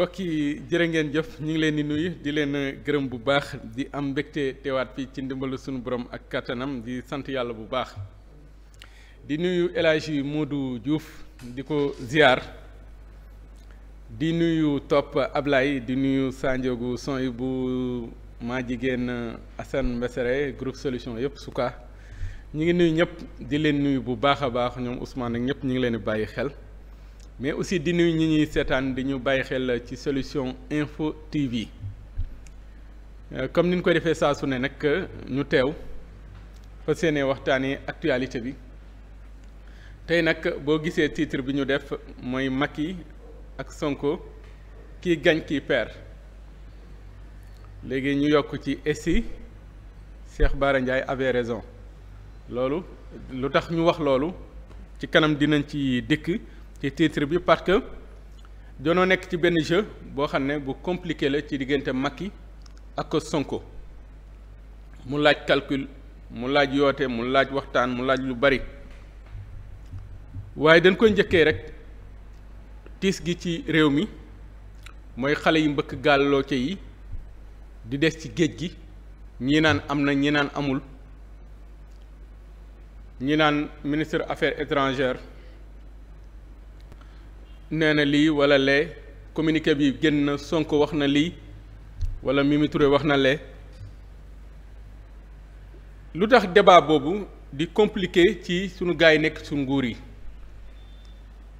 mbokk yi jërë ngeen jëf ñu ngi leen di nuyu di leen gërëm bu baax di am mbégte teewaat fii ci ndimbalu suñu borom ak kattanam di sant yàlla bu baax di nuyu El Hadji du Diouf di ko ziar di nuyu topp Ablaye di nuyu Sandiogu son yi bu maa jigéen Assane Mbesere groupe solution yëpp suka ñu ngi nuyu ñëpp di leen nuyu bu baax a baax ñoom Ousmane ak ñëpp ñu ngi leen di bàyyi xel. mais aussi di nuyu ñi seetaan di ñu bàyyi xel ci solution info TV euh, comme ni koy defee saasu su ne nag ñu teew fas yéene waxtaanee actualité bi tey nag boo gisee titre bi ñu def mooy Macky ak Sonko kii gañ kii perd léegi ñu yokk ci essi Cheikh Bara Ndiaye avait loolu lu tax ñu wax loolu ci kanam dinañ ci dikk ci titre bi parce que doonoo nekk ci benn jeu boo xam ne bu compliqué la ci diggante Macky ak Sonko mu laaj calcul mu laaj yoote mu laaj waxtaan mu laaj lu bari waaye dañ koy njëkkee rek tiis gi ci réew mi mooy xale yi mbëkk gaal looce yi di des ci géej gi ñii naan am na ñi naan amul ñii naan ministre affaire étrangères nee na lii wala lee communiqué bi génn na Sonko wax na lii wala Mimi wax na le lu tax débat boobu di compliqué ci sunu gars yi nekk sunu nguur yi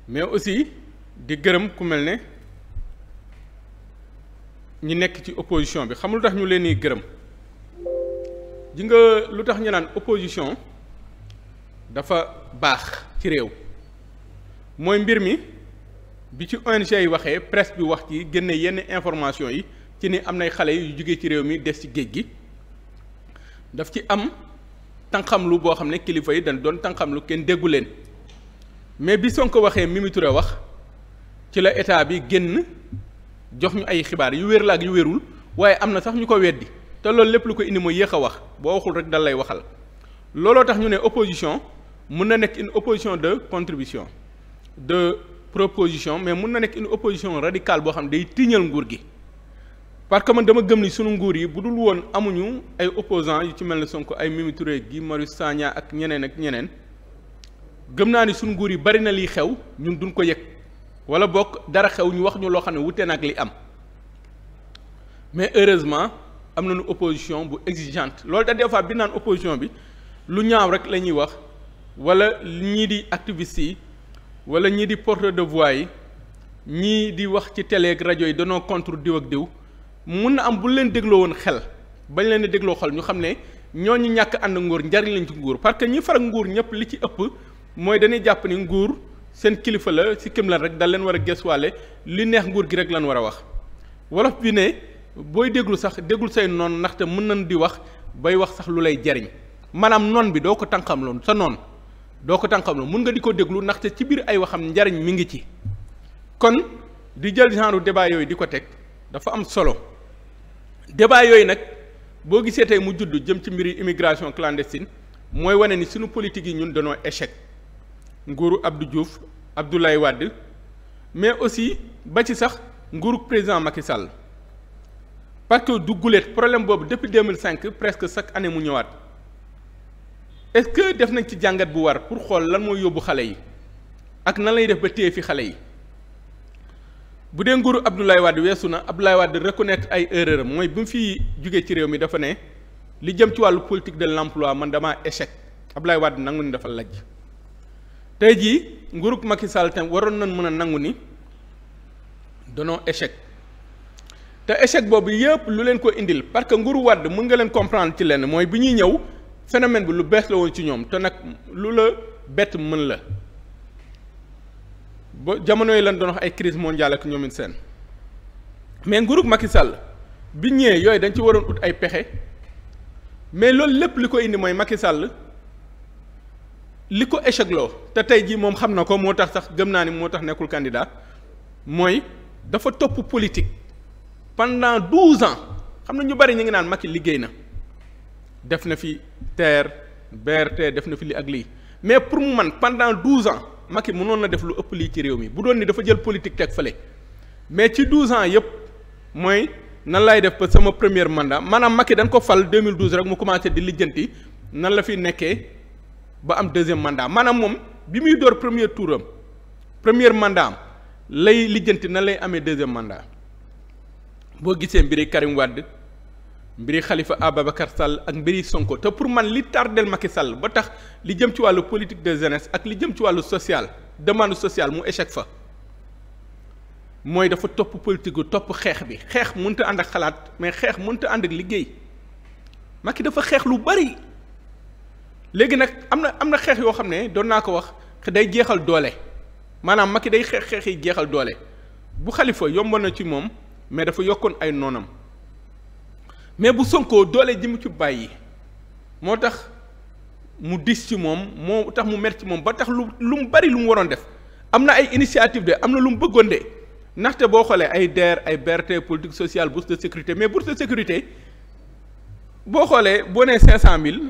mais aussi di gërëm ku mel ne ñi nekk ci opposition bi xam lu tax ñu leen di gërëm ji nga lu tax ñu naan opposition dafa baax ci réew mooy mbir mi. bi ci ONG yi waxee presque bi wax ci génne yenn information yi ci ni am nay xale yu jógee ci réew mi des ci géej gi daf ci am tànqamlu boo xam ne kilifa yi dañ doon tànqamlu kenn déggu leen mais bi Sonko waxee Mimi wax ci la état bi génn jox ñu ay xibaar yu wér la ak yu wérul waaye am na sax ñu ko weddi te loolu lépp lu ko indi mooy yéex a wax boo waxul rek dal lay waxal looloo tax ñu ne opposition mën na nekk une opposition de contribution proposition mais mun na nekk une opposition radicale boo xam ne day tiñal nguur gi parce que man dama gëm ni sunu nguur yi bu dul woon amuñu ay opposants yu ci mel ne Sonko ay Mimi Touré Guy Marius ak ñeneen ak ñeneen gëm naa ni sunu nguur yi bari na liy xew ñun duñ ko yëg wala bokk dara xew ñu wax ñu loo xam ne wute nag li am mais heureusement am na nu opposition bu exigeante loolu da des fois bi naan opposition bi lu ñaaw rek la ñuy wax wala ñii di activistes yi. wala ñii di porte de voie yi ñii di wax ci télé ak rajo yi danoo contre diw ak diw mun na am bul leen dégloo woon xel bañ leen a dégloo xel ñu xam ne ñoo ñu ñàkk ànd nguur njariñ lañ ci nguur parce que ñi faral nguur ñëpp li ci ëpp mooy dañuy jàpp ni nguur seen kilifa la si kim rek dala leen war a gëstuwaale li neex nguur gi rek lan war a wax wolof bi ne booy déglu sax déglu say noon ndaxte mën nañ di wax bay wax sax lu lay jariñ maanaam noon bi doo ko tànqamloon sa noon doo ko tànqamlu mun nga di ko déglu ndaxte ci biir ay waxam njariñ mi ngi ci kon di jël genre débat yooyu di ko teg dafa am solo débat yooyu nag boo gisee tey mu judd jëm ci mbiri immigration clandestine mooy wane ni suñu politique yi ñun dañoo échec nguuru Abdou Diouf Abdoulaye wadd mais aussi ba ci sax nguuru président Macky Sall parce que du guléet problème boobu depuis 2005 presque chaque année mu ñëwaat est-ce que def nañ ci jàngat bu war pour xool lan mooy yóbbu xale yi ak nan lay def ba téye fi xale yi bu dee nguuru Abdoulaye wàdd weesu na wàdd Wade nekk ay erreur mooy bu mu fi jugee ci réew mi dafa ne li jëm ci wàllu politique de l'emploi man damaa échec Abdoulaye wàdd nangu ni dafa lajj tey jii nguurug Macky Sall tam waroon nañ mën a nangu ni danoo échec te échec boobu yëpp lu leen ko indil parce que nguuru Wade mën nga leen comprendre ci lenn mooy bu ñuy ñëw. phénomène bi lu bees la woon ci ñoom te nag lu la bett mën la bo jamono yi lan doon wax ay crise mondiale ak ñoom seen mais nguurug Macky Sall bi ñëwee yooyu dañ ci waroon ut ay pexe mais loolu lépp li ko indi mooy Macky Sall li ko échec loo te tey jii moom xam na ko moo tax sax gëm naa ni moo tax nekkul candidat mooy dafa topp politique pendant douze ans xam na ñu bari ñu ngi naan Macky liggéey na. def na fi TER BRT def na fi li ak lii mais pour mu man pendant douze ans Macky mënoon na def lu ëpp lii ci réew mi bu doon nii dafa jël politique teg fële mais ci douze ans yëpp mooy nan lay def ba sama première mandat maanaam Macky dañ ko fal 2012 rek mu commencé di lijjanti nan la fi nekkee ba am deuxième mandat maanaam moom bi muy door premier touram première premier mandat am lay lijjanti nan lay amee deuxième mandat boo gisee mbiri Karim Wade mbiri Khalifa Ababacar Sall ak mbiri Sonko te pour man li tardel Macky sàll ba tax li jëm ci wàllu politique de jeunesse ak li jëm ci wàllu social demande sociale mu échec fa mooy dafa topp politique gu topp xeex bi xeex mënut a ànd ak xalaat mais xeex mënut a ànd ak liggéey Macky dafa xeex lu bari léegi nag am na am na xeex yoo xam ne doon naa ko wax day jeexal doole maanaam Macky day xeex xeex yi jeexal doole bu xalifa yomboon na ci moom mais dafa yokkoon ay noonam. mais bu sonkoo doolee ji mu ci bàyyi moo tax mu dis ci moom moo tax mu mer ci moom ba tax lu lu mu bari lu mu waroon def am na ay initiative de am na lu mu bëggoon de ndaxte boo xoolee ay DER ay BRT politique sociale bourse de sécurité mais bourse de sécurité boo xoolee boo nee 500000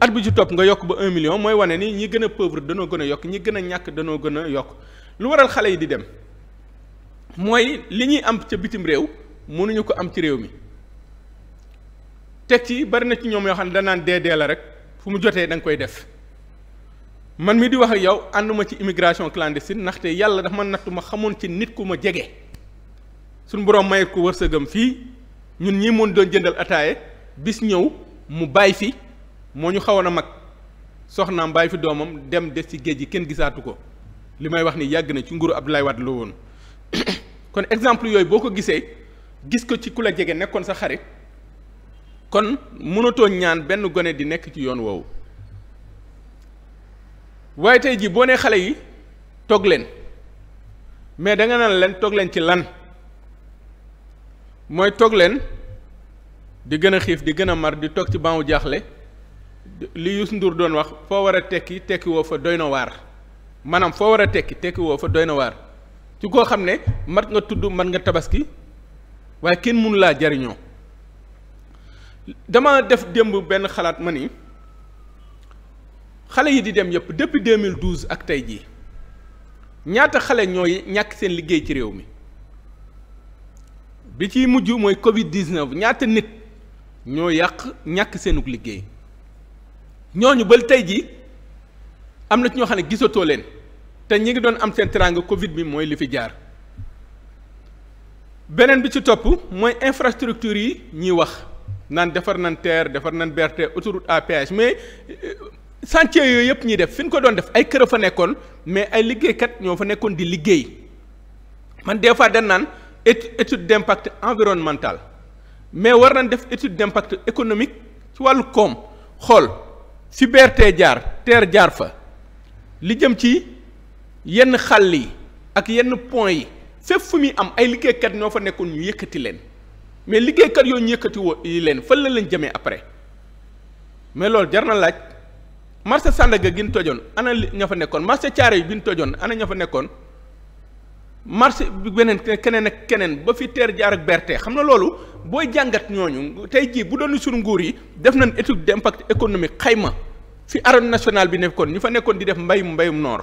at bi ci topp nga yokk ba un million mooy wane nii ñi gën a pauvre danoo gën a yokk ñi gën a ñàkk danoo gën a yokk lu waral xale yi di dem mooy li ñuy am ca bitim réew mënuñu ko am ci réew mi. teg ci bari na ci ñoom yoo xam ne danaan dee dee la rek fu mu jotee da nga koy def man mii di wax ak yow ànduma ci immigration clandestine ndaxte yàlla dafa ma nattu ma xamoon ci nit ku ma jege suñ borom mayet ko wër wërsëgam fii ñun ñii mun doon jëndal ataaye bis ñëw mu bàyyi fi moo ñu xawoon a mag soxnaam bàyyi fi doomam dem des ci géej gi kenn gisaatu ko li may wax ni yàgg na ci nguuru Abdoulaye Wade la woon kon exemple yooyu boo ko gisee gis ko ci ku la jege nekkoon sa xarit kon mënatoo ñaan benn gone di nekk ci yoon woowu waaye tey jii boo ne xale yi toog leen mais danga naa leen toog leen ci lan mooy toog leen di gën a xiif di gën a mar di toog ci banu jaaxle li Youssou Ndour doon wax foo war a tekki tekki woo fa doy na waar maanaam foo war a tekki tekki woo fa doy na waar ci koo xam ne mat nga tudd mat nga tabaski waaye kenn mënu laa jariñoo dama def démb benn xalaat ma ni xale yi di dem yëpp depuis 2012 ak tey jii ñaata xale ñooy ñàkk seen liggéey ci réew mi bi ciy mujj mooy Covid 19 ñaata nit ñoo yàq ñàkk seenug liggéey ñoo ñu ba tey ji am na ci ñoo xam ne gisatoo leen te ñi ngi doon am seen teranga Covid bi mooy li fi jaar beneen bi ci topp mooy infrastructure yi ñuy wax. naan defar nan terre defar nan BRT autoroute à péage mais euh, chantier yooyu yëpp ñuy def fi ñu ko doon def ay kër a fa nekkoon mais ay liggéeykat ñoo fa nekkoon di liggéey man des fois dañ naan étude d' impact environnemental mais war nañ def étude d' impact économique ci wàllu koom xool fi BRT jaar terre jaar fa li jëm ci yenn xàll yi ak yenn pont yi fépp fu muy am ay liggéeykat ñoo fa nekkoon ñu yëkkati leen. mais liggéeykat yooyu ñu yëkkati woo yi leen fan la leen jëmee après mais loolu jar na laaj marché Sandaga gi ñu tojoon ana ña fa nekkoon marché Thiaré yi bi ñu tojoon ana ña fa nekkoon marché bi beneen keneen ak keneen ba fi teer jaar ak berte xam na loolu booy jàngat ñooñu tey jii bu doon suñu nguur yi def nañ étude d'impact économique xayma fi arène national bi nekkoon ñu fa nekkoon di def mbayum mbayum noor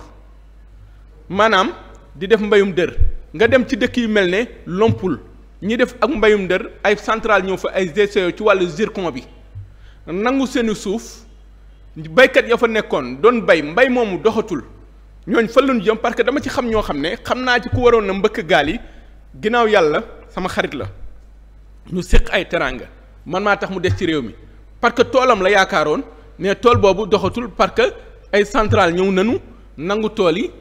maanaam di def mbayum dër nga dem ci dëkk yu mel ne Lompul ñi def ak mbayum ndër ay centrale ñëw fa ay GCO ci wàllu zircon bi nangu seeni suuf baykat ya fa nekkoon doon bay mbay moomu doxatul ñooñ fa lañu jëm parce que dama ci xam ñoo xam ne xam naa ci ku waroon na mbëkk gaali yi ginnaaw yàlla sama xarit la ñu séq ay teraanga man maa tax mu des ci réew mi parce que toolam la yaakaaroon mais tool boobu doxatul parce que ay centrale ñëw nanu nangu tool yi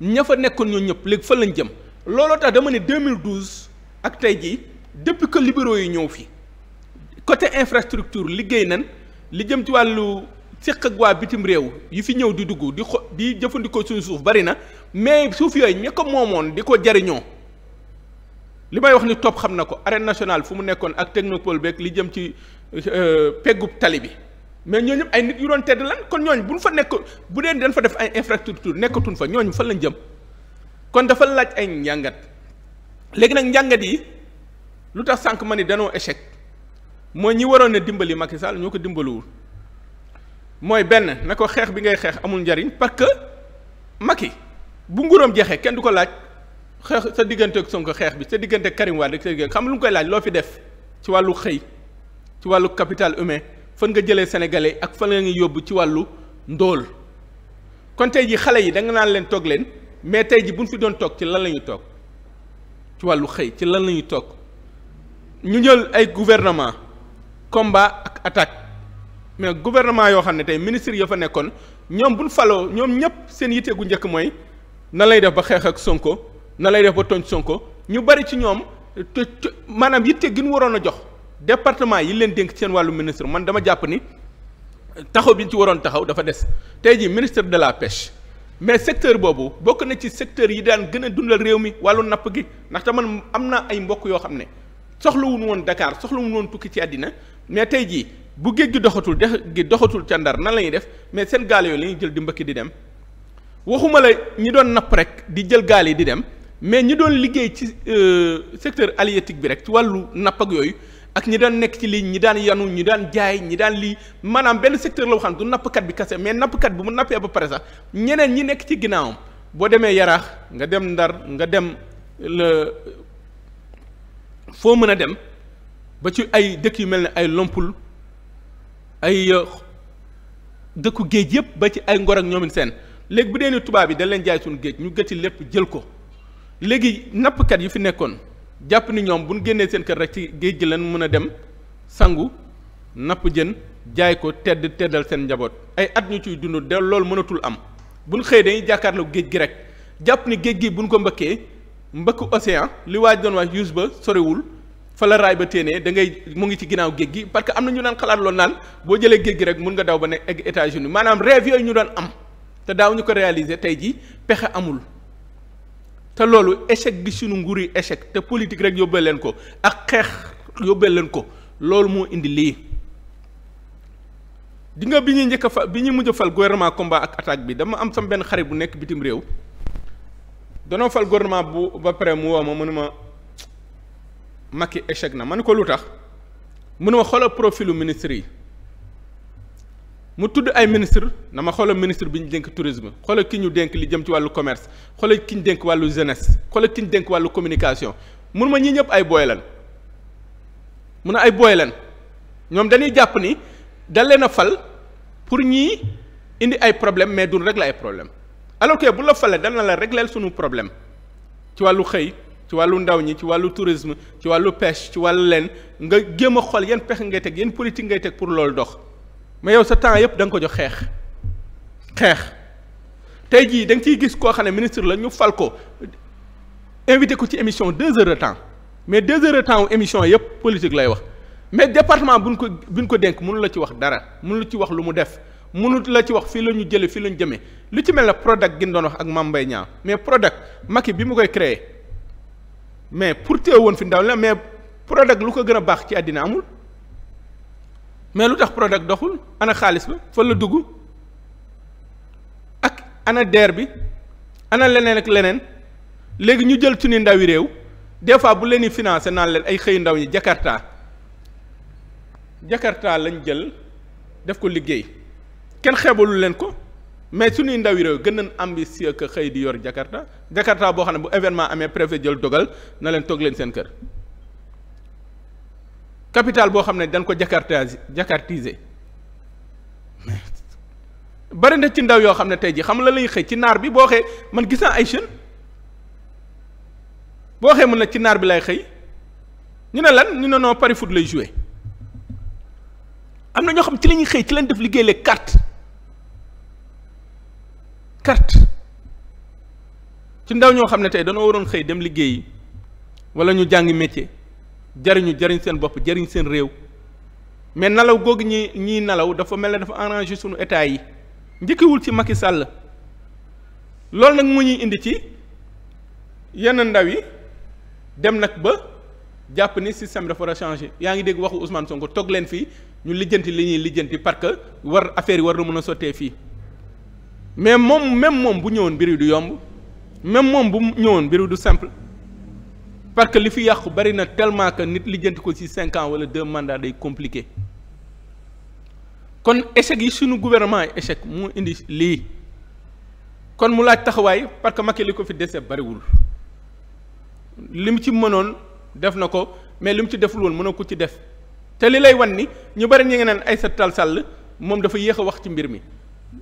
ña fa nekkoon ñoo ñëpp léegi fa lañ jëm looloo tax dama ne 2012 ak tey jii depuis que libéraux yi ñëw fi côté infrastructure liggéey nan li jëm ci wàllu séq ak waa bitim réew yi fi ñëw di dugg di xo di jëfandikoo suñu suuf bari na mais suuf yooyu ñekk ko moomoon di ko jariñoo li may wax ni topp xam na ko arène nationale fu mu nekkoon ak technopole beeg li jëm ci euh, peggub tali bi mais ñooñu ñëpp ay nit yu doon tedd lan kon ñooñu bu ñu fa nekk bu dee dañ fa def ay infrastructure nekkatuñ fa ñooñu fan lañ jëm kon dafa laaj ay njàngat léegi nag njàngat yi lu tax sànq ma ni danoo échec mooy ñi waroon a dimbali Macky Sall ñoo ko dimbaluwul mooy benn na ko xeex bi ngay xeex amul njariñ parce que Macky bu nguróom jeexee kenn du ko laaj xeex sa diggante ak sonk xeex bi sa diggante ak Karim Wade ak sa diggante xam lu mu koy laaj loo fi def ci wàllu xëy ci wàllu capital humain fan nga jëlee sénégalais ak fan la ngi yóbbu ci wàllu ndóol kon tey ji xale yi da nga naan leen toog leen mais tey ji buñ fi doon toog ci lan la ñuy toog ci wàllu xëy ci lan lañuy ñuy toog ñu jël ay gouvernement combat ak attaque mais gouvernement yoo xam ne tey ministre ya fa nekkoon ñoom buñ falo ñoom ñëpp seen yitte gu njëkk mooy na lay def ba xeex ak Sonko na lay def ba tooñ Sonko ñu bari ci ñoom te maanaam yitte gi ñu waroon a jox département yi leen dénk seen wàllu ministre man dama jàpp ni taxaw bi ñu ci waroon taxaw dafa des tey jii ministre de la pêche. mais secteur boobu bokk na ci secteur yi daan gën a dundal réew mi wàllu napp gi ndaxte man am na ay mbokk yoo xam ne soxlawuñu woon Dakar soxlawuñu woon tukki ci àddina mais tey jii bu géej gi doxatul dex gi doxatul ca Ndar nan lañuy def mais seen gaal yooyu la jël di mbëkk di dem waxuma la ñi doon napp rek di jël gaal yi di dem mais ñi doon liggéey ci euh, secteur halieutique bi rek ci wàllu napp ak yooyu ak ñi daan nekk ci lii ñi daan yanu ñi daan jaay ñi daan lii maanaam benn secteur la waxaan du nappkat bi kase mais nappkat bu mu nappee ba pare sax ñeneen ñi nekk ci ginnaawam boo demee yaraax nga dem ndar nga dem le foo mën a dem ba ci ay dëkk yu mel ni ay lompul ay euh, dëkku géej yëpp ba ci ay ngor ak ñoomin seen léegi bu dee ni tubaab yi dañ leen jaay suñu géej ñu gëti lépp jël ko léegi nappkat yu fi nekkoon jàpp ni ñoom bu ñu génnee seen kër rek ci géej gi lan mën a dem sangu napp jën jaay ko tedd teddal seen njaboot ay at ñu ciy dund de loolu mënatul am bu ñu xëyee dañuy jàkkaarloo géej gi rek jàpp ni géej gi bu ñu ko mbëkkee mbëkk océan li waaj doon wax use ba sorewul fa la raay ba téenee da ngay mu ngi ci ginnaaw géej gi parce que am na ñu daan xalaat loolu naan boo jëlee géej gi rek mun nga daw ba ne egg États-Unis maanaam rêve yooyu ñu doon am te daaw ñu ko réaliser tey ji pexe amul te loolu échec gi suñu nguur yi échec te politique rek yóbbee leen ko ak xeex yóbbee leen ko loolu moo indi lii dinga bi ñuy njëkk fa bi ñuy mujj fal gouvernement combat ak attaque bi dama am sam benn xarit bu nekk bitim réew danoo fal gouvernement bu ba pare mu woo ma mënu ma Macky échec na ma ni ko lu tax mënu ma xoolal profilu ministre yi mu tudd ay ministre na ma xoolal ministre bi ñu dénk tourisme xoolal ki ñu dénk li jëm ci wàllu commerce xoolal ki ñu dénk wàllu jeunesse xoolal ki ñu dénk wàllu communication mun ma ñii ñëpp ay booy lan mun a ay booy lan ñoom dañuy jàpp ni dal leen a fal pour ñii indi ay problème mais duñ régler ay problème alors que bu la falee dana la régler suñu problème ci wàllu xëy ci wàllu ndaw ñi ci wàllu tourisme ci wàllu peche ci wàllu leen nga jéem a xool yan pexe ngay teg yan politique ngay teg pour loolu dox mais yow sa temps yëpp danga ko jox xeex xeex tey jii danga ciy gis koo xam ne ministre la ñu fal ko invité ko ci émission deux heures temps mais deux heures de temps émission yëpp politique lay wax mais département buñ ko buñ ko denk mënu la ci wax dara mënu la ci wax lu mu def mënut la ci wax fii la ñu jëlee fii la ñu jëmee lu ci mel ne Prodac gi doon wax ak Mame Mbaye Niang mais Prodac Macky bi mu koy créé mais pour téye woon fi ndaw la mais Prodac lu ko gën a baax ci àddina amul. mais lu tax Prodac doxul ana xaalis ba fan la dugg ak ana DER bi ana leneen ak leneen léegi ñu jël suñu ndawi réew des fois bu leen yi financé naan leen ay xëy ndaw ñi Jakarta Jakarta lañu jël def ko liggéey kenn xeebalu leen ko mais suñuy ndawi réew gën nañ ambitieux que xëy di yor Jakarta Jakarta boo xam ne bu événement amee préfet jël dogal na leen toog leen seen kër. capital boo xam ne dañ ko jakartaise jakartiser bari na ci ndaw yoo xam ne tey ji xam la lañuy xëy ci naar bi boo xee man gis ay jeunes boo xee mën na ci naar bi lay xëy ñu ne lan ñu ne noo pari foot lay jouer am na ñoo xam ci la xëy ci lañ def liggéey les carte carte ci ndaw ñoo xam ne tey danoo waroon xëy dem liggéeyi wala ñu jàngi métier jariñu jariñ seen bopp jariñ seen réew mais nelaw googu ñi ñiy nelaw dafa mel ne dafa arrangé sunu état yi njëkkewul ci Macky Sall loolu nag mu ñuy indi ci yenn ndaw yi dem nag ba jàpp ni système dafa war a changé yaa ngi dégg waxu Ousmane Sonko toog leen fii ñu lijjanti li ñuy lijjanti parce que war affaire yi war na mën a sottee fii mais moom même moom bu ñëwoon mbir yi du yomb même moom bu ñëwoon mbir yi du simple. parce que li fi yàqu bari na tellement que nit lijjanti ko ci cinq ans wala deux mandats day compliqué kon échec yi suñu gouvernement yi échec mu indi lii kon mu laaj taxawaay parce que Macky li ko fi dese bariwul li mu ci mënoon def na ko mais li mu ci deful woon mënoo ko ci def te li lay wan ni ñu bari ñu ngi naan Aïssata Tall Sall moom dafa yéex a wax ci mbir mi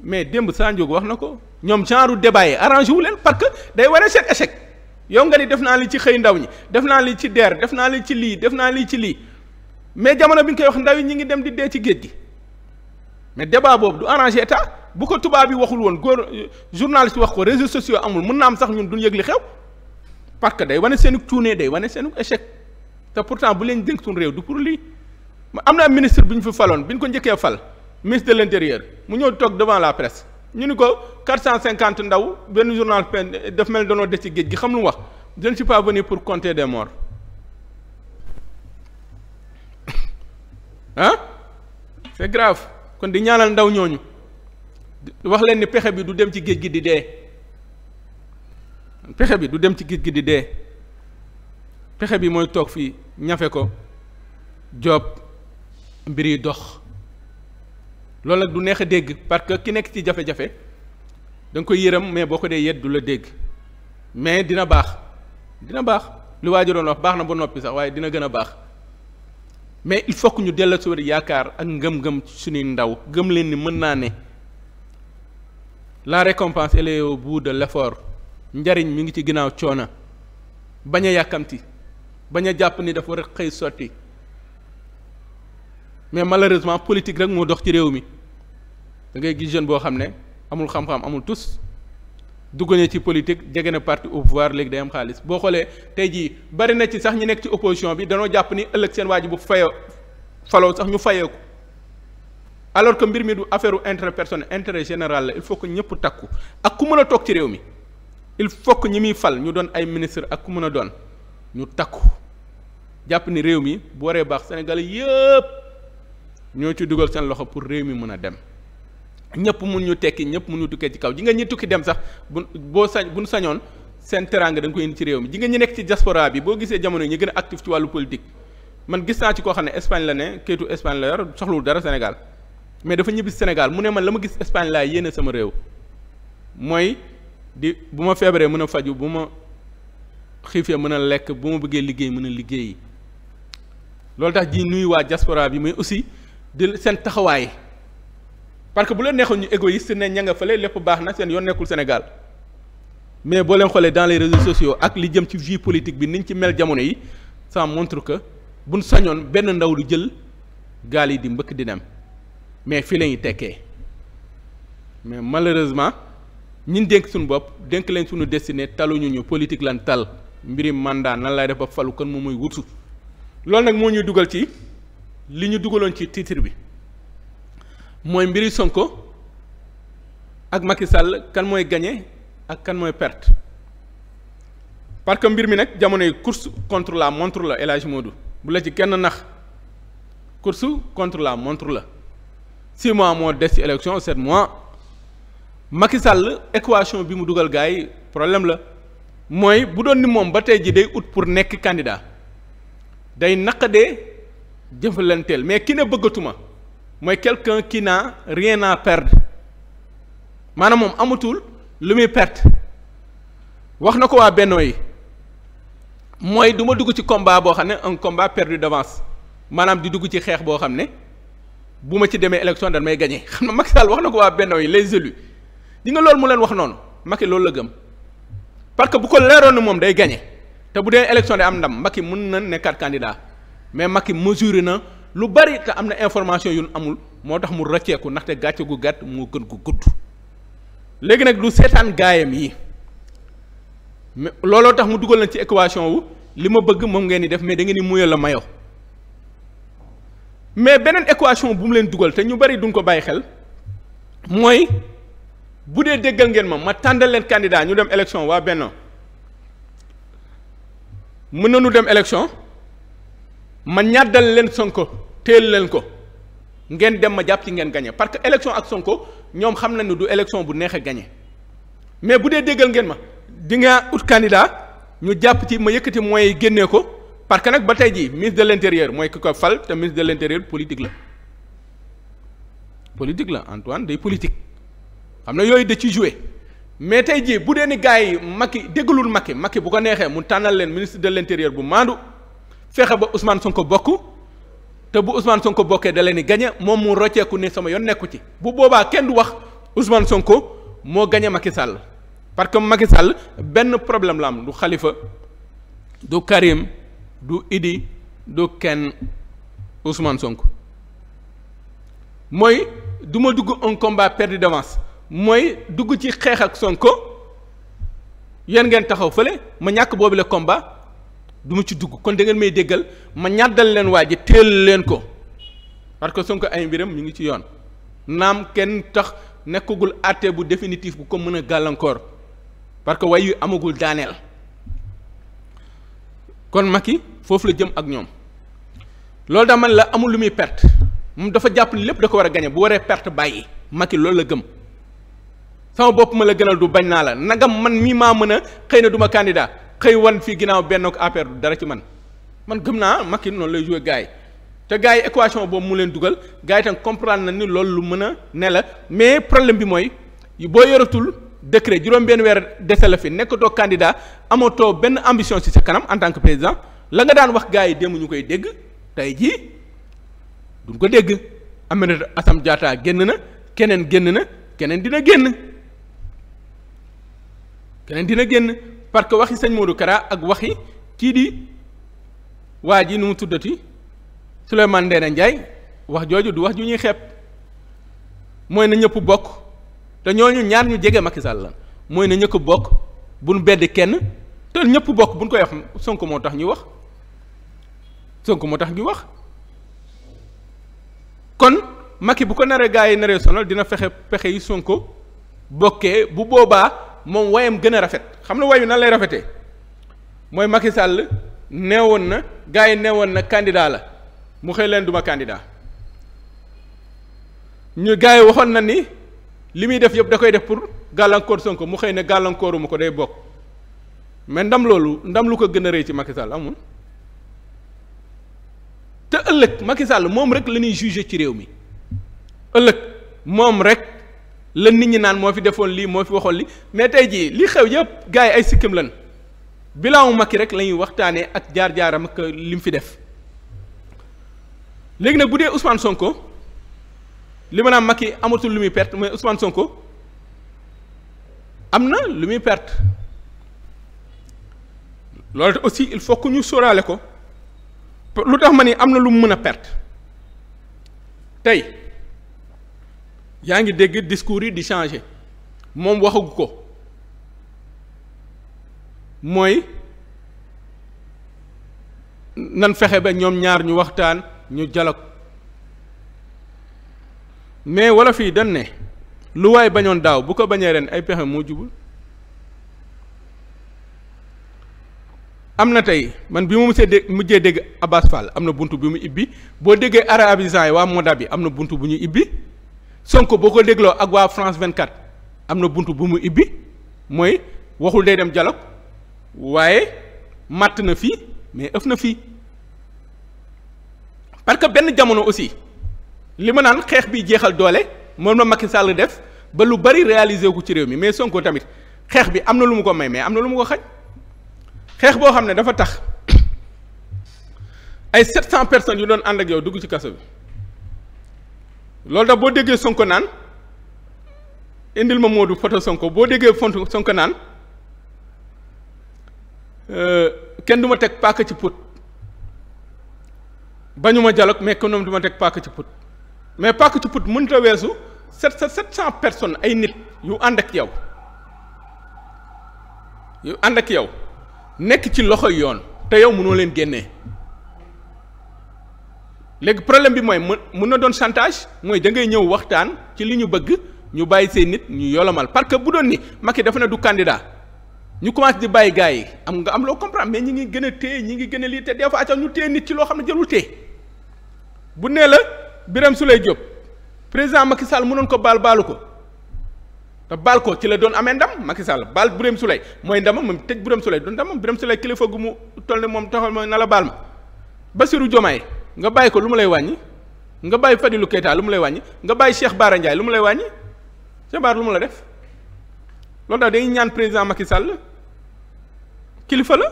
mais démb Sa Ndiogou wax na ko ñoom genre débat yi arrangé wu leen parce que day war a échec échec. yow nga ni def naa li ci xëy ndaw ñi def naa li ci deer def naa li ci lii def naa lii ci lii mais jamono bi nga koy wax ndaw yi ñi ngi dem di dee ci géej gi mais débat boobu du arrangé état bu ko tubaab bi waxul woon góor journaliste wax ko réseaux sociaux amul mën na am sax ñun du yëg li xew parce que day wane seen cuune day wane seen échec te pourtant bu leen dénk suñu réew du pour lii am na am ministre bi ñu fi faloon bi ñu ko njëkkee fal ministre de l'intérieur mu ñëw toog devant la presse ñu ni ko 450 ndaw benn journal pen daf mel doonoo des ci géej gi xam lu wax je ne suis pas pour compter de morts ah c'est kon di ñaanal ndaw ñooñu wax leen ni pexe bi du dem ci géej gi di dee pexe bi du dem ci géej gi di dee pexe bi mooy toog fii ñafe ko job mbir yi dox loolu nag du neex a dégg parce que ki nekk ci jafe-jafe da koy yërëm mais boo ko dee yedd du la dégg mais dina baax dina baax li waajo doon wax baax na ba noppi sax waaye dina gën a baax mais il faut que ñu della suwar yaakaar ak ngëm-ngëm suñuy ndaw gëm leen ni mën naa ne la récompense elle est au bout de l'effort njariñ mi ngi ci ginnaaw coona bañ a yàkkamti bañ a jàpp ni dafa war a xëy sotti mais malheureusement politique rek moo dox ci réew mi da ngay gis jeune boo xam ne amul xam-xam amul tus dugg na ci politique jege na parti au pouvoir léegi day am xaalis boo xoolee tey ji bari na ci sax ñu nekk ci opposition bi danoo jàpp ni ëllëg seen waa ji bu fayoo faloo sax ñu fayee ko alors que mbir mi du affaire u intérêt personnel général la il faut que takku ak ku mën a toog ci réew mi il faut ñi muy fal ñu doon ay ministre ak ku mën a doon ñu takku jàpp ni réew mi bu baax Sénégal ñoo ci dugal seen loxo pour réew mi mën a dem ñëpp mun ñu tekki ñëpp mun ñu tukkee ci kaw ji nga ñi tukki dem sax bu boo sañ bu ñu sañoon seen teraanga da nga koy indi ci réew mi ji nga ñi nekk ci diaspora bi boo gisee jamono yi ñu gën a actif ci wàllu politique man gis naa ci koo xam ne Espagne la ne kayitu Espagne la yor soxlawul dara Sénégal mais dafa ñibbi Sénégal mu ne man la ma gis Espagne laa yéene sama réew mooy di bu ma feebaree mën a faju bu ma xiifee mën a lekk bu ma bëggee liggéey mën a liggéey loolu tax ji nuyu waa diaspora bi mais aussi di seen taxawaay parce que bu leen neexoon ñu égoïste ne ña nga fële lépp baax na seen yoon nekkul Sénégal mais boo leen xoolee dans les réseaux sociaux ak li jëm ci vie politique bi niñ ci mel jamono yi ça montre que buñ sañoon benn ndaw lu jël gaal yi di mbëkk di dem mais fii la ñuy tekkee mais malheureusement ñin dénk suñu bopp dénk leen suñu destiné taluñu ñu politique lan tal mbiri mandat nan lay def ba falu kon moom mooy wutu loolu nag moo ñuy dugal ci. li ñu dugaloon ci titre bi mooy mbiri Sonko ak Macky Sall kan mooy gagné ak kan mooy perte parce que mbir mi nag jamono yi course contre la montre la El Hadj bu la ci kenn nax course contre la montre la six mois moo des ci élection sept mois Macky Sall équation bi mu dugal gars yi problème la mooy bu doon ni moom ba tey ji day ut pour nekk candidat day naqadee jëflanteel mais ki ne bëggatuma mooy quelqu'un qui n'a rien à perdre maanaam moom amatul lu muy perte wax na ko waa Benno yi mooy du ma dugg ci combat boo xam ne un combat perdu d'avance maanaam di dugg ci xeex boo xam ne bu ma ci demee élection dañ may gagné xam na Macky Sall wax na ko waa Benno yi les élus di nga loolu mu leen wax noonu Macky loolu la gëm parce que bu ko leeroon ne moom day gañe te bu dee élection day am ndam Macky mën na nekkaat candidat. mais Macky mesuré na lu bari te am na information yu amul moo tax mu racceeku ndaxte gàcce gu gàtt moo gën gu gudd léegi nag du seetaan gaayam yi mais looloo tax mu dugal na ci équation wu li ma bëgg moom ngeen di def mais da ni di muyal la mayo mais beneen équation bu mu leen dugal te ñu bari duñ ko bàyyi xel mooy bu dee déggal ngeen ma ma tàndal leen candidat ñu dem élection waa benn mën nañu dem élection. ma ñàddal leen Sonko téel leen ko ngeen dem ma jàpp ci ngeen gagné parce que élection ak Sonko ñoom xam nañu ne du élection bu neex a gagné mais bu dee déggal ngeen ma di nga ut candidat ñu jàpp ci ma yëkkati moyens yi génnee ko parce que nag ba tey jii ministre de l' intérieur mooy ki ko fal te ministre de l' intérieur politique la politique la Antoine day politique xam na yooyu da ciy joué mais tey jii bu dee ni gars yi Macky déggalul Macky Macky bu ko neexee mu tànnal leen ministre de l' bu maandu. fexe ba Ousmane Sonko bokk te bu usman Sonko bokkee da leen di gagné moom mu rocceeku ne sama yoon nekku ci bu boobaa kenn du wax Ousmane Sonko moo gagné Macky Sall parce que Macky Sall benn problème la am du Khalifa du Karim du Idi du kenn Ousmane Sonko mooy duma dugg un combat perdu d'avance mooy dugg ci xeex ak Sonko yéen ngeen taxaw fale ma ñàkk boobu le combat. du ma ci dugg kon da ngeen may déggal ma ñàddal leen waa ji téel leen ko parce que Sonko ay mbiram ñu ngi ci yoon naam kenn tax nekkagul àtte bu définitif bu ko mën a gàllankoor parce que way yu amagul daaneel kon Macky foofu la jëm ak ñoom loolu daa man la amul lu muy perte mu dafa jàpp ni lépp da ko war a gañe bu waree perte bàyyi Macky loolu la gëm sama bopp ma la gënal du bañ naa la nagam man mii maa mën a xëy na du ma candidat xëy wan fii ginnaaw benn ko affaire dara ci man man gëm naa Macky noonu lay joué gars yi te gars yi équation boobu mu leen dugal gars yi tam comprendre na ni loolu lu mën a ne la mais problème bi mooy boo yoratul décret juróom-benn weer dese la fi nekkatoo candidat amatoo benn ambition ci sa kanam en tant que président la nga daan wax gars yi démb ñu koy dégg tey jii duñ ko dégg Aminata Assome Diatta génn na keneen génn na keneen dina génn keneen dina génn. parce que waxi sëñ Modou Kara ak waxi kii di waa ji nu mu tuddati Souleymane Ndéné Ndiaye wax jooju du wax ju ñuy xeeb mooy na ñëpp bokk te ñooñu ñaar ñu jege Macky la mooy na ñëpp bokk bu nu bedd kenn te ñëpp bokk bu ñu koy wax Sonko moo tax ñuy wax Sonko moo tax ñuy wax kon Macky bu ko naree gaa yi naree sonal dina fexe pexe yi Sonko bokkee bu boobaa. moom wayam gën a rafet xam nga wayu na lay rafetee mooy Macky Sall neewoon na gars yi neewoon na candidat la mu xëy leen duma candidat ñu gars yi waxoon na ni li muy def yëpp da koy def pour gàllankoor Sonko mu xëy ne gàllankooru mu ko day bokk mais ndam loolu ndam lu ko gën a rëy ci Macky Sall amul te ëllëg Macky moom rek la ñuy jugé ci réew mi ëllëg moom rek. la nit ñi naan moo fi defoon lii moo fi waxoon li mais tey jii li xew yëpp gars yi ay sikkim lan bilaamu Macky rek la ñuy waxtaanee ak jaar-jaaram ak li mu fi def léegi nag bu dee Ousmane Sonko li ma naan Macky amatul lu muy perte mooy Ousmane Sonko am na lu muy perte loolu aussi il faut que ñu sóoraale ko lu tax ma ni am na lu mu mën a perte tey. yaa ngi dégg discours yi di changer moom waxagu ko mooy nan fexe ba ñoom ñaar ñu waxtaan ñu jalog mais wala fii dañ ne lu waaye bañoon daaw bu ko bañee ren ay pexe moo jubul am na tey man bi mu musee dé mujjee dégg Abbas Fall am na bunt bi mu ibbi boo déggee arabisants yi waa Moda bi am na bunt bu ñu ibbi Sonko boo ko dégloo ak waa France 24 am na bunt bu mu ibbi mooy waxul day dem dialogue waaye màtt na fii mais ëf na fii parce que benn jamono aussi li ma naan xeex bi jeexal doole mën na Macky Sall def ba lu bari réalisé ko ci réew mi mais Sonko tamit xeex bi am na lu mu ko may mais am na lu mu ko xaj xeex boo xam ne dafa tax ay 700 personnes yu doon ànd ak yow dugg ci kaso bi. loolu tax boo déggee Sonko naan indil ma Modou photo Sonko boo déggee font Sonko naan euh, kenn du ma teg paaka ci put bañuma dialogue mais kon ñoom du ma teg paaka ci put mais paaka ci put mënut a weesu sept sept cent personnes ay nit yu ànd ak yow yu ànd ak yow nekk ci loxo yoon te yow mënoo leen génnee léegi problème bi mooy mën mën na doon chantage mooy da ngay ñëw waxtaan ci li ñu bëgg ñu bàyyi seen nit ñu yolomal parce que bu doon ni Macky dafa ne du kandidaa ñu commencé di bàyyi gars yi am nga am loo comprendre mais ñi ngi gën a téye ñi ngi gën a lii te des fois sax ñu téye nit ci loo xam ne jëlul téye bu nee la Birame Souleye Diop président Macky Sall mënoon ko baal baalu ko te baal ko ci la doon amee ndam Macky Sall baal Birame Souleye mooy ndamam moom tëj Birame Souleye doon ndamam Birame Souleye kilifa gu mu toll ne moom taxaw mooy na la baal ma nga bàyyi ko lu ma lay wàññi nga bàyyi Fadilou Keita lu ma lay wàññi nga bàyyi Cheikh Bara lu ma lay wàññi Cheikh Bara lu mu la def loolu daal dañuy ñaan président Macky Sall kilifa la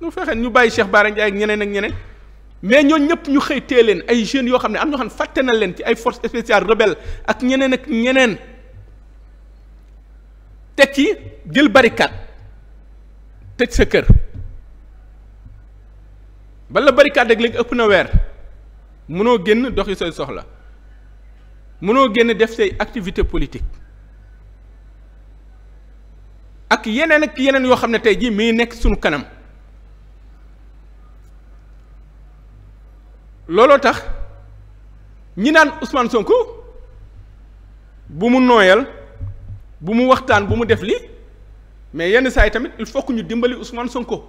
lu fexe ñu bàyyi Cheikh Bara Ndiaye ak ñeneen ak ñeneen mais ñooñu ñëpp ñu xëy tee leen ay jeunes yoo xam ne am ñoo xam ne fàtte na leen ci ay forces spéciales rebelles ak ñeneen ak ñeneen teg ci jël barikat tëj sa kër. bala barricade ak léegi ëpp na weer mënoo génn doxi say soxla mënoo génn def say activité politique ak yeneen ak yeneen yoo xam ne tey jii mi nekk suñu kanam looloo tax ñi naan Ousmane Sonko bu mu nooyal bu mu waxtaan bu mu def li mais yenn saa yi tamit il faut ñu dimbali Ousmane Sonko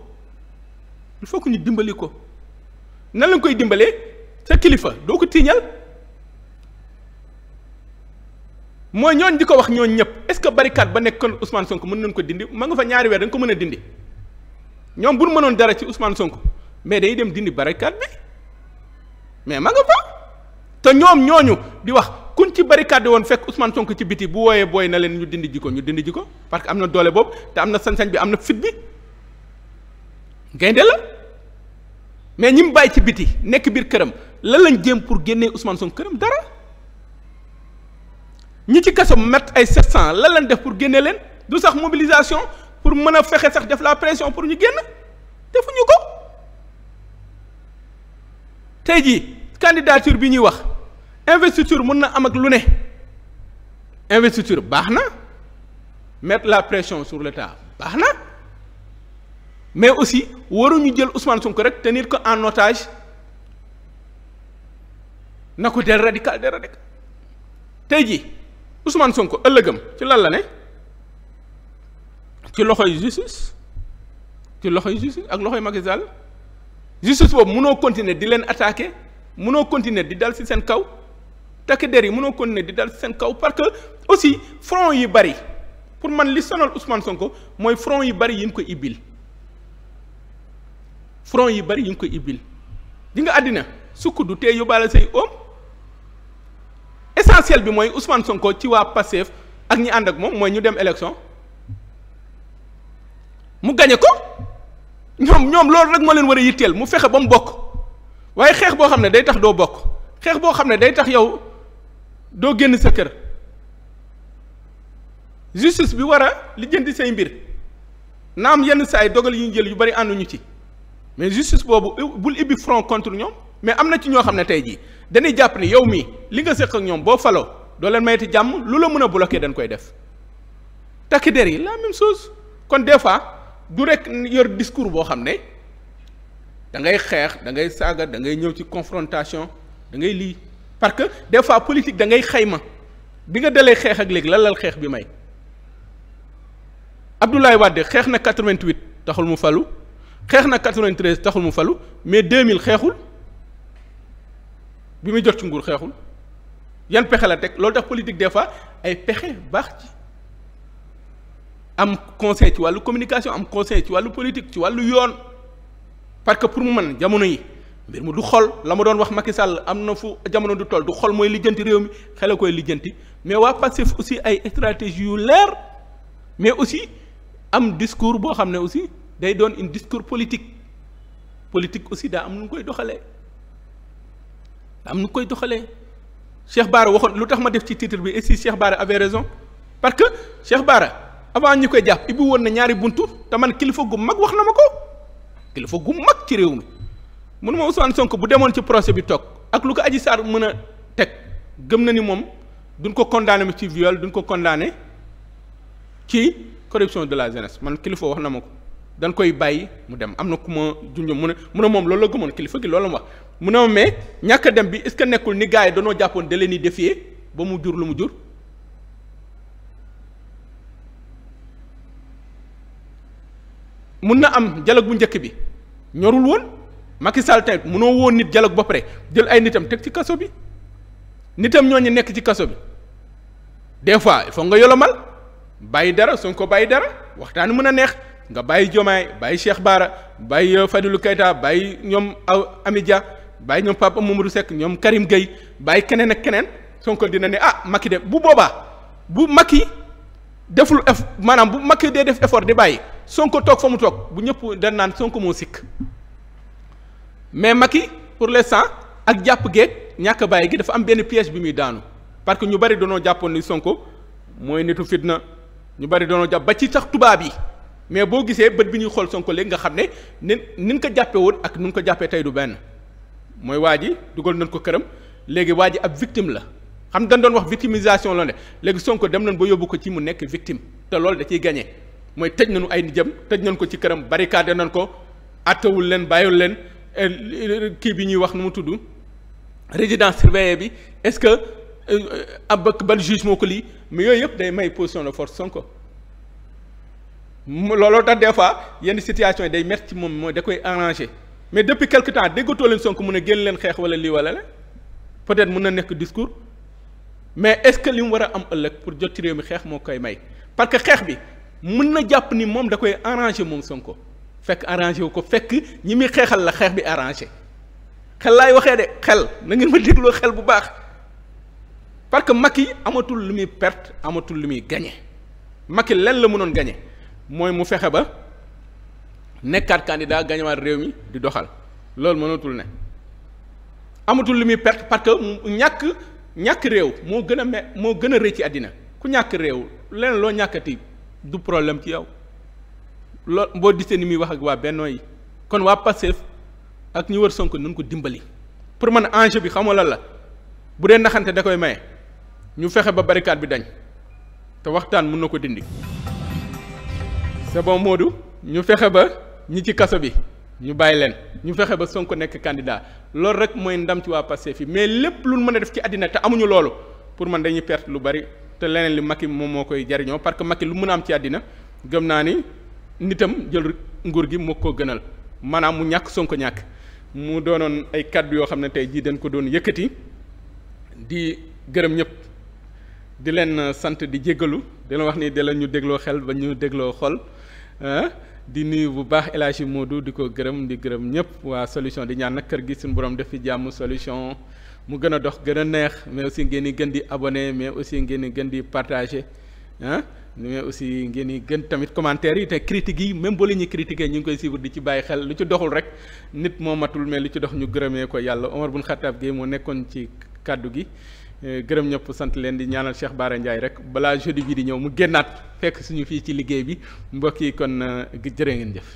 il faut ñu dimbali ko nan la koy dimbalee sa kilifa doo ko tiiñal mooy ñooñ di ko wax ñooñ ñëpp est-ce que barricade ba nekkoon Ousmane Sonko mën nañ ko dindi ma nga fa ñaari weer da ko mën a dindi ñoom bu mënoon dara ci usmaan sonk mais day dem dindi barricade bi mais ma nga fa te ñoom ñooñu di wax kun ci barricade woon fekk Ousmane sonk ci biti bu wooyee booy na leen ñu dindi ji ko ñu dindi ji ko parce que am na doole boobu te am na sañ-sañ bi am na fit bi gaynde la mais ñi mu bàyyi ci biti nekk biir këram lan lañ jéem pour génnee Ousmane Sonko këram dara ñi ci kaso mett ay 700 lan lañ def pour génne leen du sax mobilisation pour mën a fexe sax def la pression pour ñu génn defuñu ko tey ji candidature bi ñuy wax investiture mun na am ak lu ne investiture baax na mettre la pression sur l'État baax na. mais aussi waruñu jël Ousmane Sonko rek tenir ko en otage na ko del radical del radical tey jii Ousmane Sonko ëllëgam ci lan la ne ci loxoy justice ci loxoy justice ak loxoy Macky Sall justice boobu mënoo continuer di leen attaquer mënoo continuer di dal ci seen kaw takk der yi mënoo continuer di dal ci seen kaw parce que aussi front yi bari pour man li sonal Ousmane Sonko mooy front yi bari yi ñu ko ibbil front yi bari ñu ngi koy ibbil di nga àddina sukk du tee yóbbaale say oom essentiel bi mooy Ousmane Sonko ci waa Pastef ak ñi ànd ak moom mooy ñu dem élection mu gañe ko ñoom ñoom loolu rek moo leen war a yitteel mu fexe ba mu bokk waaye xeex boo xam ne day tax doo bokk xeex boo xam ne day tax yow doo génn sa kër justice bi war a lijjanti say mbir naam yenn saa yi dogal yu jël yu bari ànduñu ci mais justice boobu bul ibbi front contre ñoom mais am na ci ñoo xam ne tey jii danay jàpp ni yow mii li nga séq ak ñoom boo faloo doo leen mayti jàmm lu la mën a bloqué dañ koy def takk der yi la même chose kon des fois du rek yor discours boo xam ne da ngay xeex da ngay saaga da ngay ñëw ci confrontation da ngay lii parce que des fois politique da ngay xayma bi nga dalee xeex ak léegi lan la xeex bi may Abdoulaye Wade xeex na 88 taxul mu falu. xeex nag 93 taxul mu falu mais mille xeexul bi muy jot ci nguur xeexul yan pexe la teg loolu tax politique des fa ay pexe baax ci am conseil ci wàllu communication am conseil ci wàllu politique ci wàllu yoon parce que pour mu mën jamono yi mbir mu du xol la ma doon wax Macky Sall am na fu jamono du toll du xol mooy lijjanti réew mi xel koy lijjanti mais waa Pastef aussi ay stratégie yu leer mais aussi am discours boo xam ne aussi. day doon une discours politique politique aussi daa am nu koy doxalee am nu koy doxalee Cheikh Bara waxoon lu tax ma def ci titre bi et si Cheikh Bara raison parce que Cheikh baara avant ñu koy jàpp ibbi woon na ñaari buntu te man kilifa gu mag wax na ma ko kilifa gu mag ci réew mi mun ma Ousmane Sonko bu demoon ci procès bi toog ak lu ko Adji Sarr mën a teg gëm na ni moom duñ ko condamné ci viol duñ ko condamné ci corruption de la jeunesse man kilifa wax na ma ko. dan koy bàyyi mu dem am na ku ma junjoo mu ne mu ne moom loolu la gëmoon kilifa gi loolu la mu wax mu ne ma mais ñàkk dem bi est-ce que nekkul ni gars yi danoo jàppoon da leen di défier ba mu jur lu mu jur. mun na am dialogue bu njëkk bi ñorul woon Macky Sall tamit munoo woon nit dialogue ba pare jël ay nitam teg ci kaso bi nitam ñoo ñooñu nekk ci kaso bi des fois il faut nga yolomal bàyyi dara suñ ko bàyyi dara waxtaan mën a neex. nga bàyyi Diomaye bàyyi Cheikh baara bàyyi euh, Fadilou Keita bàyyi ñoom euh, Ami Dia bàyyi ñoom Papa Mamadou sekk ñoom Karim Gueye bàyyi keneen ak keneen Sonko dina ne ah Macky de bu boobaa bu Macky deful eff maanaam bu Macky dee def effort di bàyyi Sonko toog fa mu toog bu ñëpp dañ naan Sonko moo sikk mais Macky pour le l'instant ak jàpp geeg ñàkk bàyyi gi dafa am benn piège bi muy daanu parce que ñu bari doonoo jàppoon ni Sonko mooy nitu fitna ñu bari doonoo jàpp ci sax tubaab yi mais boo gisee bët bi ñuy xool Sonko léegi nga xam ne nin nin ko jàppee woon ak nun ko jàppee tey du benn mooy waa ji dugal nañ ko këram léegi waa ji ab victime la xam dañ doon wax victimisation la ne léegi Sonko dem nañ ba yóbbu ko ci mu nekk victime te loolu da ciy gagné mooy tëj nañu ay nijam tëj nañ ko ci këram barricade nañ ko attawul leen bàyyiwul leen eh, kii bi ñuy wax nu mu tudd résidence surveillée bi est-ce que euh, euh, ab ban juge moo ko lii mais yooyu yëpp day may position de force Sonko mu looloo tax des fois yenn situation yi day métti moom mooy da koy arrangé mais depuis quelque temps déggatoo leen Sonko mun a génn leen xeex wala lii wala la peut-être mun na nekk discours mais est-ce que li mu war a am ëllëg pour jot ci réew xeex moo koy may parce que xeex bi mun na jàpp ni moom da koy arrangé moom Sonko fekk arrangé wu ko fekk ñi muy xeexal la xeex bi arrangé xel laay waxee de xel na ngeen ma dégloo xel bu baax parce que yi amatul lu muy perte amatul lu muy gagné Macky lenn la mënoon gagné. mooy mu fexe ba nekkaat candidat gañewaat réew mi di doxal loolu mënatul ne amatul li muy perte parce que ñàkk ñàkk réew moo gën a me moo gën a rëy ci àddina ku ñàkk réew leneen loo ñàkkati du problème ci yow lool di gisee ni muy wax ak waa Benno yi kon waa Pastef ak ñu wër sonk nañ ko dimbali pour man enjeu bi xamoo lan la bu dee naxante da koy maye ñu fexe ba barricade bi dañ te waxtaan mun na ko dindi c'est bon Modou ñu fexe ba ñi ci kaso bi ñu bàyyi leen ñu fexe ba Sonko nekk candidat loolu rek mooy ndam ci waa Pastef fii mais lépp lu mën a def ci àddina te amuñu loolu pour man dañuy perte lu bari te leneen li Macky moom moo koy jariñoo parce que Macky lu mën a am ci àddina gëm naa ni nitam jël nguur gi moo ko gënal maanaam mu ñàkk Sonko ñàkk mu doonoon ay kàddu yoo xam ne tey jii dañ ko doon yëkkati di gërëm ñëpp di leen sant di jéggalu di wax ni di la ñu dégloo xel ba ñu dégloo xol di nuyu bu baax El moo Modou di ko gërëm di gërëm ñëpp waa solution di ñaan nag kër gi suñu borom def fi jàmm solution mu gën a dox gën a neex mais aussi ngeen di gën di abonné mais aussi ngeen di gën di partagé ah aussi ngeen di gën tamit commentaire yi te critiques yi même boo la ñuy critiqué ñu ngi koy suivre di ci bàyyi xel lu ci doxul rek nit moo matul mais lu ci dox ñu gërëmee ko yàlla Omar bun Xattaab Gueye moo nekkoon ci kàddu gi. Eh, gërëm ñëpp sant leen di ñaanal Cheikh Bara Ndiaye rek balaa jeudi bi di ñëw mu génnaat fekk suñu fii ci liggéey bi mbokk yi kon eh, jërë ngeen jëf.